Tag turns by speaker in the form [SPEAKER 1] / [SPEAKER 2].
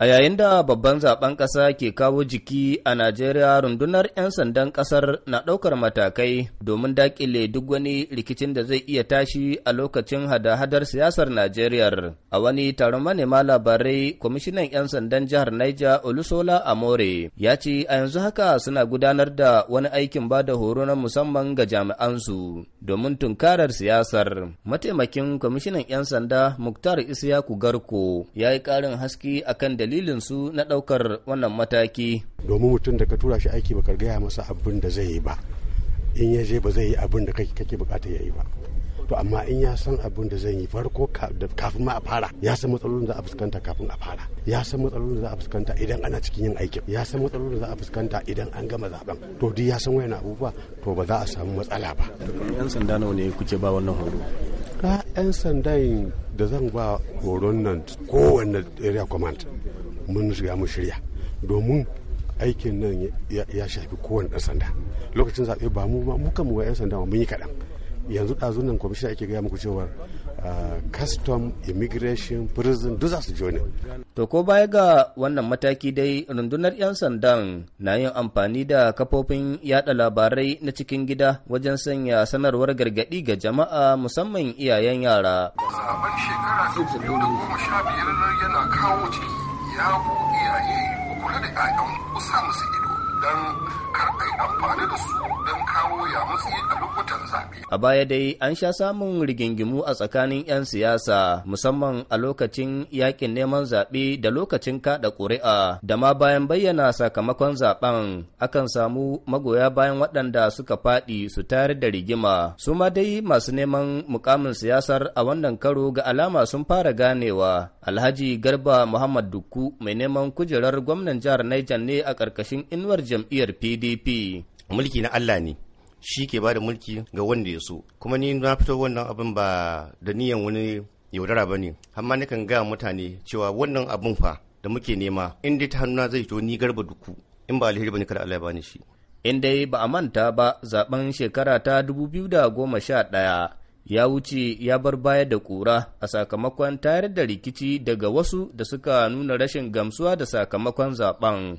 [SPEAKER 1] A yayin da babban zaben ƙasa ke kawo jiki a Najeriya rundunar 'yan sandan ƙasar na ɗaukar matakai domin daƙile duk wani rikicin da zai iya tashi a lokacin hada-hadar siyasar Najeriya. A wani taron manema labarai, kwamishinan 'yan sandan jihar Niger Olusola Amore ya ce a yanzu haka suna gudanar da wani aikin ba da horo na musamman ga jami'ansu domin tunkarar siyasar. Mataimakin kwamishinan 'yan sanda Muktar Isiyaku Garko ya yi ƙarin haske akan dalilin dalilin su na ɗaukar wannan mataki.
[SPEAKER 2] Domin mutum da ka tura shi aiki baka gaya masa abin da zai yi ba, in ya je ba zai yi abin da kake bukata ya yi ba. To amma in ya san abin da zai yi farko kafin ma a fara, ya san matsalolin da a fuskanta kafin a fara, ya san matsalolin da a fuskanta idan ana cikin yin aikin, ya san matsalolin da a fuskanta idan an gama zaben. To duk ya san wayan abubuwa to ba za a samu matsala ba. 'Yan sanda nawa ne kuke ba wannan horo? ka 'yan sandan da zan ba horon nan kowane area command mun shiga mu shirya domin aikin nan ya shafi kowane ɗan sanda lokacin zaɓe ba mu ma kan mu 'yan sanda mun yi kaɗan yanzu ɗazun nan kwamishina ake gaya muku cewa ah, custom immigration prison duk za su jone. to ko baya
[SPEAKER 1] ga wannan mataki dai rundunar 'yan sandan na yin amfani da kafofin yada labarai na cikin gida wajen sanya sanarwar gargaɗi ga jama'a musamman iyayen yara.
[SPEAKER 2] sabon musu ido don kar a yi amfani da su don kawo ya musu a lokutan
[SPEAKER 1] zaɓe. A baya dai an sha samun rigingimu a tsakanin 'yan siyasa musamman a lokacin yakin neman zaɓe da lokacin kaɗa ƙuri'a da ma bayan bayyana sakamakon zaɓen akan samu magoya bayan waɗanda suka faɗi su tayar da rigima. Su ma dai masu neman mukamin siyasar a wannan karo ga alama sun fara ganewa. Alhaji Garba Muhammad Dukku mai neman kujerar gwamnan jihar Niger ne a ƙarƙashin inuwar jam'iyyar PDP. mulki na Allah ne shi ke bada mulki ga wanda ya so kuma ni na fito wannan abin ba da niyan wani yaudara ba ne amma nakan gaya mutane cewa wannan abin fa da muke nema in dai ta hannuna zai to ni garba duku in ba alheri bane kada Allah ya bani shi in dai ba a manta ba zaben shekara ta 2011 ya wuce ya bar baya da kura a sakamakon tayar da rikici daga wasu da suka nuna rashin gamsuwa da sakamakon zaben